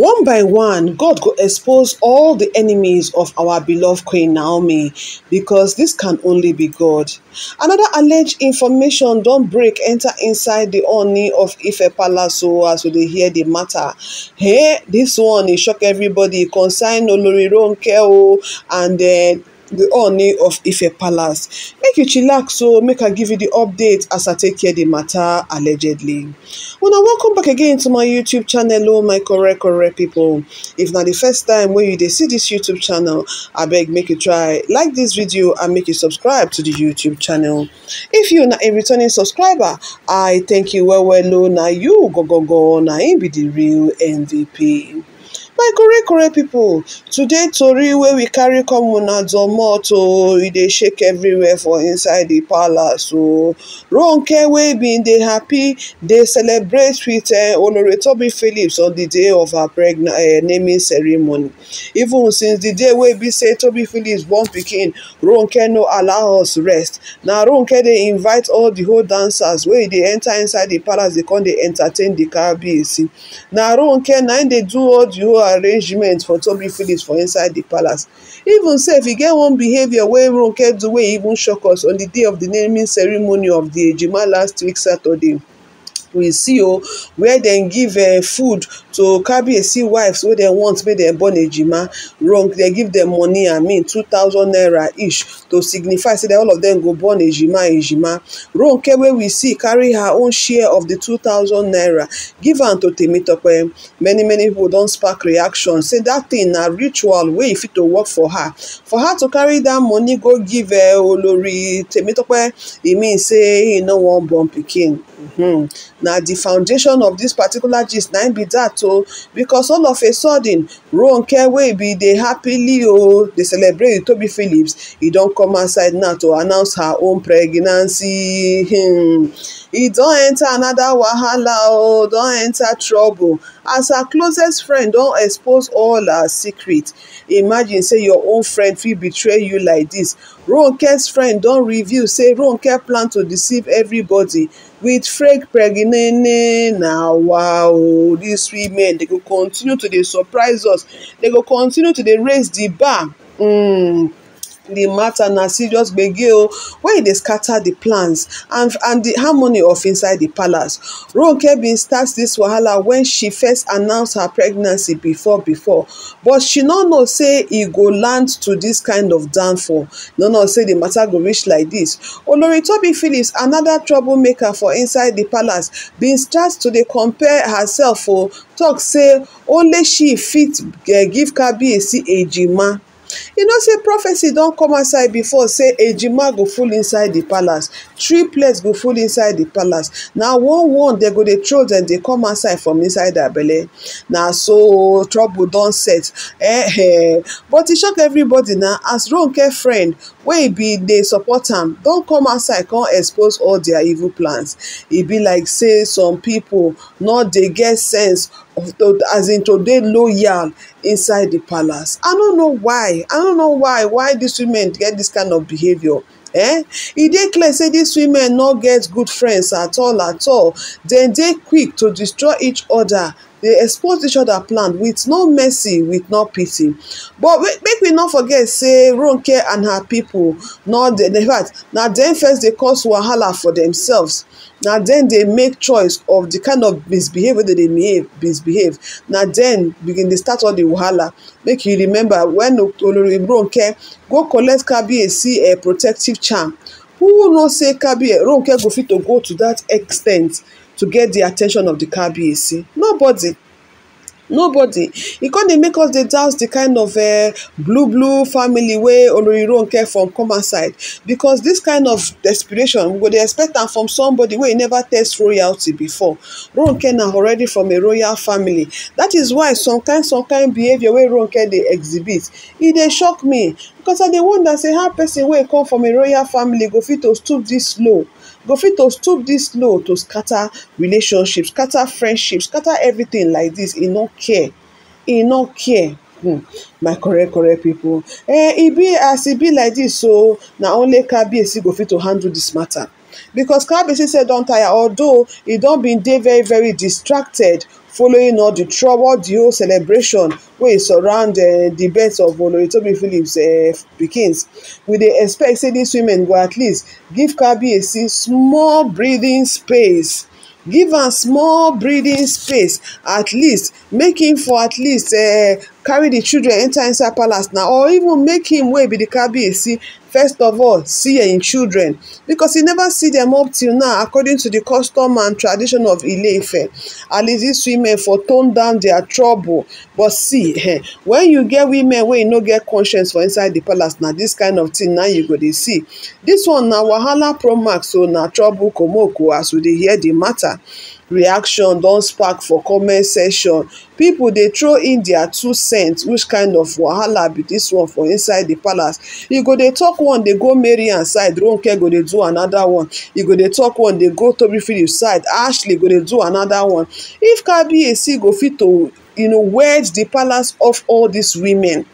One by one, God could expose all the enemies of our beloved Queen Naomi because this can only be God. Another alleged information don't break enter inside the Oni of Ife Palace so oh, as we hear the matter. Hey, this one is e shock everybody Consign Olori Ronkeo oh, and uh, the Oni of Ife Palace. Make you chillax so make I give you the update as I take care the matter allegedly. Well, now welcome back again to my YouTube channel, oh my correct correct people. If not the first time when you they see this YouTube channel, I beg make you try like this video and make you subscribe to the YouTube channel. If you're not a returning subscriber, I thank you well well oh, now you go go go now be the real MVP my korekore people today tori wey we carry come una domot o e dey shake everywhere for inside the palace o ronke wey bin dey happy dey celebrate with eh, olori tobi phillips on the day of her pregnant eh, naming ceremony even since the day wey be say tobi phillips born pikin ronke no allow us rest na ronke dey invite all the whole dancers wey dey enter inside the palace dey come dey entertain di caribbean na ronke na im dey do all the whole arrangement for tobi phillips for inside the palace even if he get one behaviour where ronke do wey even shock us on the day of the naming ceremony of the ejima last week saturday we see oh, where they give eh, food so kabiyesi wives wey dem want make dem born ejima wrong dem give dem money i mean two thousand naira each to signify say all of dem go born ejima ejima ronke wey we see carry her own share of the two thousand naira give am to temitope many many people don spark reaction say dat thing na ritual wey e fit to work for her for her to carry dat money go give eh, olori temitope e mean say e no wan born pikin hmm. na di foundation of dis particular gist na im be dat o o because all of a sudden ronke will be the happily o They celebrate toby phillips He don't come outside now to announce her own pregnancy hmm. e don enter another wahala Oh, don't enter trouble as her closest friend don't expose all her secrets. imagine say your own friend will betray you like this ronke's friend don't reveal say ronke plan to deceive everybody with frank pregnene na wow ooo dis women dey go continue to dey surprise us dey go continue to dey raise the bar. Mm. The matter na serious gbege o wey e dey scatter the plans and and the harmony of inside the palace ronke bin start dis wahala wen she first announce her pregnancy before before but she no know say e go land to dis kind of downfall no know say the matter go reach like dis olori tobi phillips anoda troublemaker for inside di palace bin start to dey compare herself o talk say only she fit eh, give Kabi kabiyesi ejima you know say prophecy don't come aside before say a jima go full inside the palace three triplets go full inside the palace Now one one they go dey throw dem they come aside from inside their belly. Now so trouble don't set eh eh but it e shock everybody now. as ronke friend wey be dey support him. Don't come outside come expose all their evil plans It e be like say some people not they get sense of as in to loyal inside the palace i don't know why i no don't know why why dis women get this kind of behavior, eh e dey clear say dis women no get good friends at all at all dem dey quick to destroy each other dey expose each other plan with no mercy with no pity but make we no forget say ronke and her pipo in fact na dem first dey cause wahala for themselves. na dem dey make choice of di kind of misbehave wey dem dey misbehave na dem begin dey start all di wahala make you remember wen oloronke go collect see a protective charm who know say kabie ronke go fit to go to dat extent to get di attention of di kbac nobody nobody e con dey make us dey doubt the kind of eh, blue blue family wey care from common side because this kind of desperation we go dey expect am from somebody wey e never test royalty before ronke na already from a royal family that is why some kind some kind behaviour wey ronke dey exhibit e dey shock me because i dey wonder say how person wey come from a royal family go fit to stoop this low go fit to stop dis law to scatter relationships scatter friendships scatter everything like dis e no care e no care hmm, my correct correct pipo eh e be as e be like dis so na only kabiyesi go fit to handle dis matter because kabiyesi sef don tire although e don bin dey very very distracted following all the trouble di whole celebration wey surround di eh, birth of oloritobi phillips eh, pikins we dey expect say dis women go at least give kabiyesi small breathing space give am small breathing space at least make him for at least eh, carry the children enter inside palace now, or even make him wey be the kabiyesi first of all see im children because you never see them up till now according to the custom and tradition of ileife at least these women for tone down their trouble but see eh, when you get women wey no get conscience for inside the palace na this kind of thing na you go dey see this one na wahala promax so na trouble komoko as we dey hear the matter reaction don spark for comment section pipo dey throw in their two cents which kind of wahala be this one for inside the palace e go dey talk one dey go marian side ronke go dey do another one e go dey talk one dey go Toby phillips side ashley go dey do another one if kabiyesi go fit to you know wedge the palace of all these women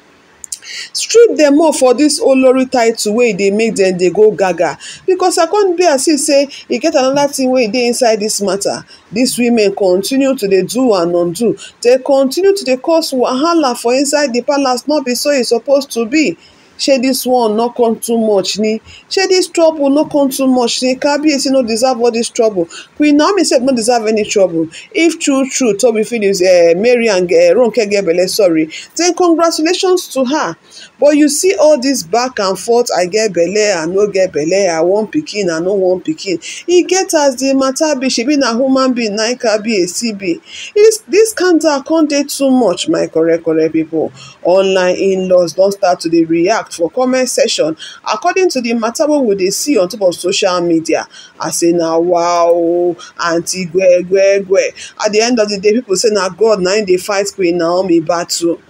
strip dem off for dis olori title wey e dey make dem dey go gaga because I becos akonde see say e get anoda tin wey e dey inside dis mata dis women continue to dey do and undo dey continue to dey cause wahala for inside di palace no be so e suppose to be shey dis one no come too much ni shey dis trouble no come too much ni kabiyesi no deserve all dis trouble queen naomi sef no deserve any trouble if true true tobi phillips uh, mary and uh, ronke get belle sorry then congratulations to her but you see all dis back and forth i get belle i no get belle i wan pikin i no wan pikin e get as di matter be shebi na human being na e kabiyesi be dis scandal come dey too much my correct correct pipo online in-laws don start to dey react Act for comment section according to the matter wey we dey see on top of social media. I say na wow o, aunty gwegwegwe. At the end of the day, people say na God na im dey fight Queen Naomi battle.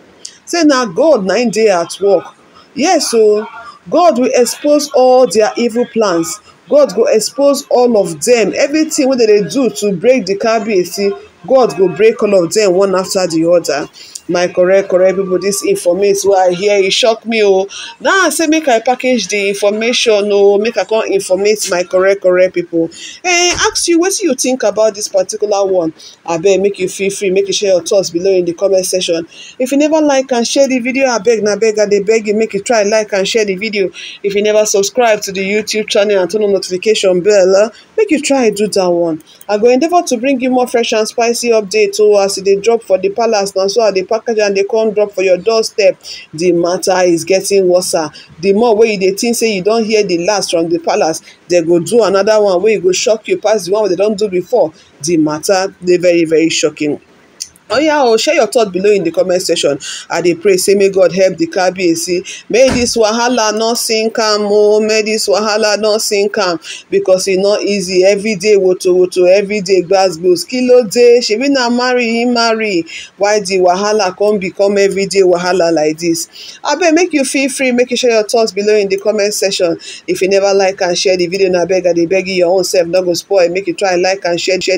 Say na God na im dey at work. Yes o, God will expose all their evil plans. God go expose all of them. Everything wey dem dey do to break the Kabiyesi, God go break all of them one after the other my correct correct people This informate wey i hear e shock me o oh. now i say make i package the information o make i come informate my correct correct people eh ask you wetin you think about this particular one abeg make you feel free make you share your thoughts below in the comment section if you never like and share the video abeg na beg i dey beg you make you try like and share the video if you never subscribe to the youtube channel and turn on notification bell eh, make you try do that one i go endeavour to bring you more fresh and spicy updates o oh, as e dey drop for the palace na so i dey package and they come drop for your doorstep The matter is getting worse The more wey you dey think say you don hear the last from the palace They go do another one wey go shock you pass the one wey dem don do before The matter dey very very shocking Oh yeah, oh, share your thought below in the comment section. I dey pray say may God help the car Kabiyesi. May this wahala no sink am oh. May this wahala no sink am because e no easy. Every day woto woto, every day gbasgbos. Kí ló dé? Shebi na marry him marry. Why the wahala come become every day wahala like this? Abeg make you feel free make you share your thoughts below in the comment section. If you never like and share the video, na abeg I dey beg you your own self no go spoil. Make you try like and share. share